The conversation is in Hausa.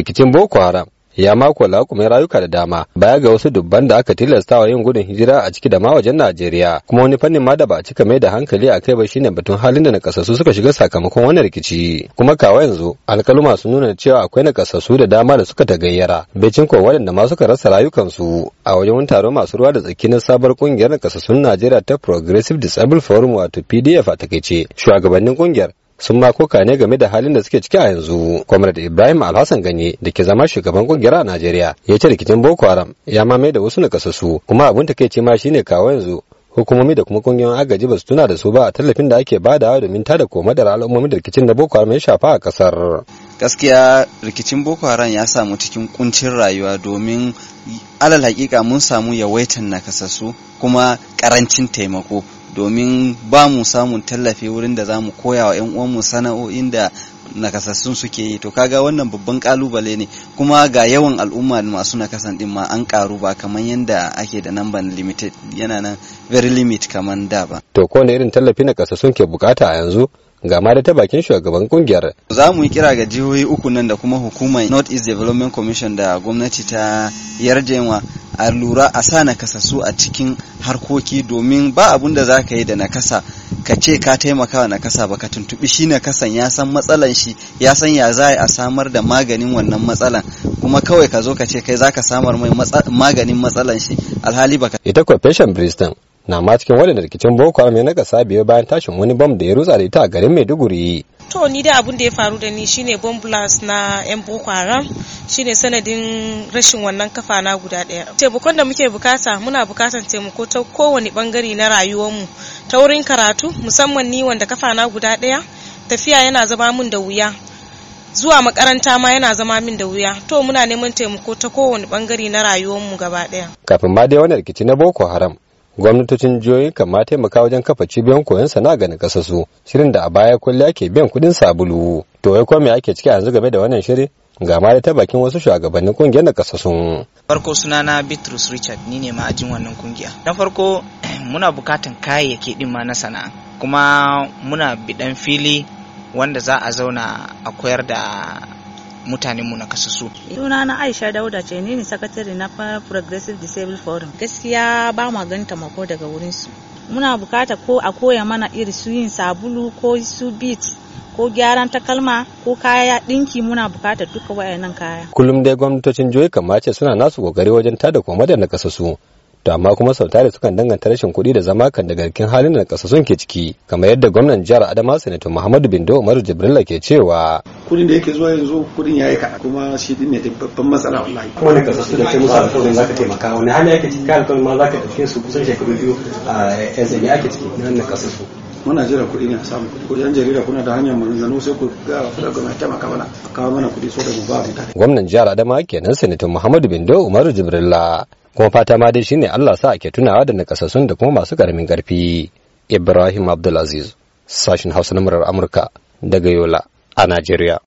rikicin boko haram ya mako laƙumin rayuka da dama baya ga wasu dubban da aka tilastawa yin gudun hijira a ciki da ma wajen Najeriya kuma wani fannin ma da ba a cika mai da hankali a kai ba shine batun halin da nakasassu suka shiga sakamakon wannan rikici kuma kawa yanzu alkaluma sun nuna cewa akwai nakasassu da dama da suka ta tagayyara becin ko waɗanda ma suka rasa rayukansu a wajen wani taro masu ruwa da tsaki na sabar kungiyar nakasassun Najeriya ta Progressive Disabled Forum wato PDF a takaice shugabannin ƙungiyar. sun ma koka ne game da halin da suke ciki a yanzu comrade ibrahim alhassan ganye da ke zama shugaban kungiyar a najeriya ya ce rikicin boko haram ya mame da wasu nakasassu kuma abin ta kai ce ma shine kawo yanzu hukumomi da kuma kungiyoyin agaji ba su tuna da su ba a tallafin da ake badawa domin tada koma da al'ummomi da rikicin da boko haram ya shafa a kasar gaskiya rikicin boko haram ya samu cikin kuncin rayuwa domin alal hakika mun samu yawaitan nakasassu kuma karancin taimako domin ba mu samun tallafi wurin da za mu koya wa 'yan mu sana'o'in da nakasassun suke yi to kaga wannan babban kalubale ne kuma ga yawan al'umma masu nakasan din ma an karu ba kamar yadda ake da nan ban limited yana nan very limit kamar da ba to ko ne irin tallafi nakasassun ke bukata a yanzu ga ma da ta bakin shugaban kungiyar za mu yi kira ga jihohi uku nan da kuma hukumar north east development commission da gwamnati ta yarjewa a lura a sa nakasassu a cikin harkoki domin ba abun da za ka yi da nakasa ka ce ka taimaka wa nakasa ba ka tuntubi shi nakasan ya san matsalan shi ya san ya za a samar da maganin wannan matsalan kuma kawai ka zo ka ce kai za ka samar mai maganin matsalan shi alhali ba ka ita confession bristol na ma cikin wadanda rikicin boko haram ya nakasa biyu bayan tashin wani bom da ya rutsa da ita a garin maiduguri to ni da abun da ya faru da ni shine bomb blast na yan boko haram shine sanadin rashin wannan kafa na guda daya taimakon da muke bukata muna bukatan taimako ta kowane bangare na rayuwarmu ta wurin karatu musamman ni wanda kafa na guda daya tafiya yana zama min da wuya zuwa makaranta ma yana zama min da wuya to muna neman taimako ta kowane bangare na rayuwarmu gaba daya. kafin ma dai wani rikici na boko haram gwamnatocin jihohi kan ma taimaka wajen kafa cibiyan koyon sana'a ga nakasassu shirin da a baya kulle ake biyan kudin sabulu to ya kome ake ciki yanzu game da wannan shiri ga ma da ta bakin wasu shugabannin kungiyar da kasa sun farko sunana bitrus richard ni ne ma'ajin wannan kungiya na farko muna bukatan kayayyaki din ma na sana'a kuma muna bidan fili wanda za a zauna a koyar da mutanenmu na kasasu. Suna na Aisha Dauda ce ne sakatare na Progressive Disabled Forum. Gaskiya ba ma gan daga wurin su. Muna bukata ko a koya mana iri su yin sabulu ko su beat ko gyaran takalma ko kaya dinki muna bukatar duka wayannan kaya kullum dai gwamnatocin jihohi kamace suna nasu kokari wajen tada koma da nakasasu to amma kuma sau tare sukan danganta rashin kuɗi da zama kan daga cikin halin da sun ke ciki kamar yadda gwamnan jihar adama sanato muhammadu bindo Umar jibrila ke cewa kuɗin da yake zuwa yanzu kuɗin ya yi ka kuma shi din ne babban matsala wallahi kuma ne kasasu da ke musu alƙawarin zaka taimaka wani hali yake cikin kan ma zaka ɗauke su kusan shekaru biyu a yanzu ne ake ciki na kasasu muna jira kuɗi ne a samu kuɗi ko yan jarida kuna da hanyar zanu sai ku ga federal gwamnati taimaka mana a kawo mana kuɗi so da mu ba mutane. gwamnan jihar adama kenan sanatin muhammadu bindo umaru jibrilla kuma fata ma dai shine allah sa ake tunawa da nakasassun da kuma masu karamin karfi ibrahim abdulaziz sashin hausa na murar amurka daga yola a najeriya.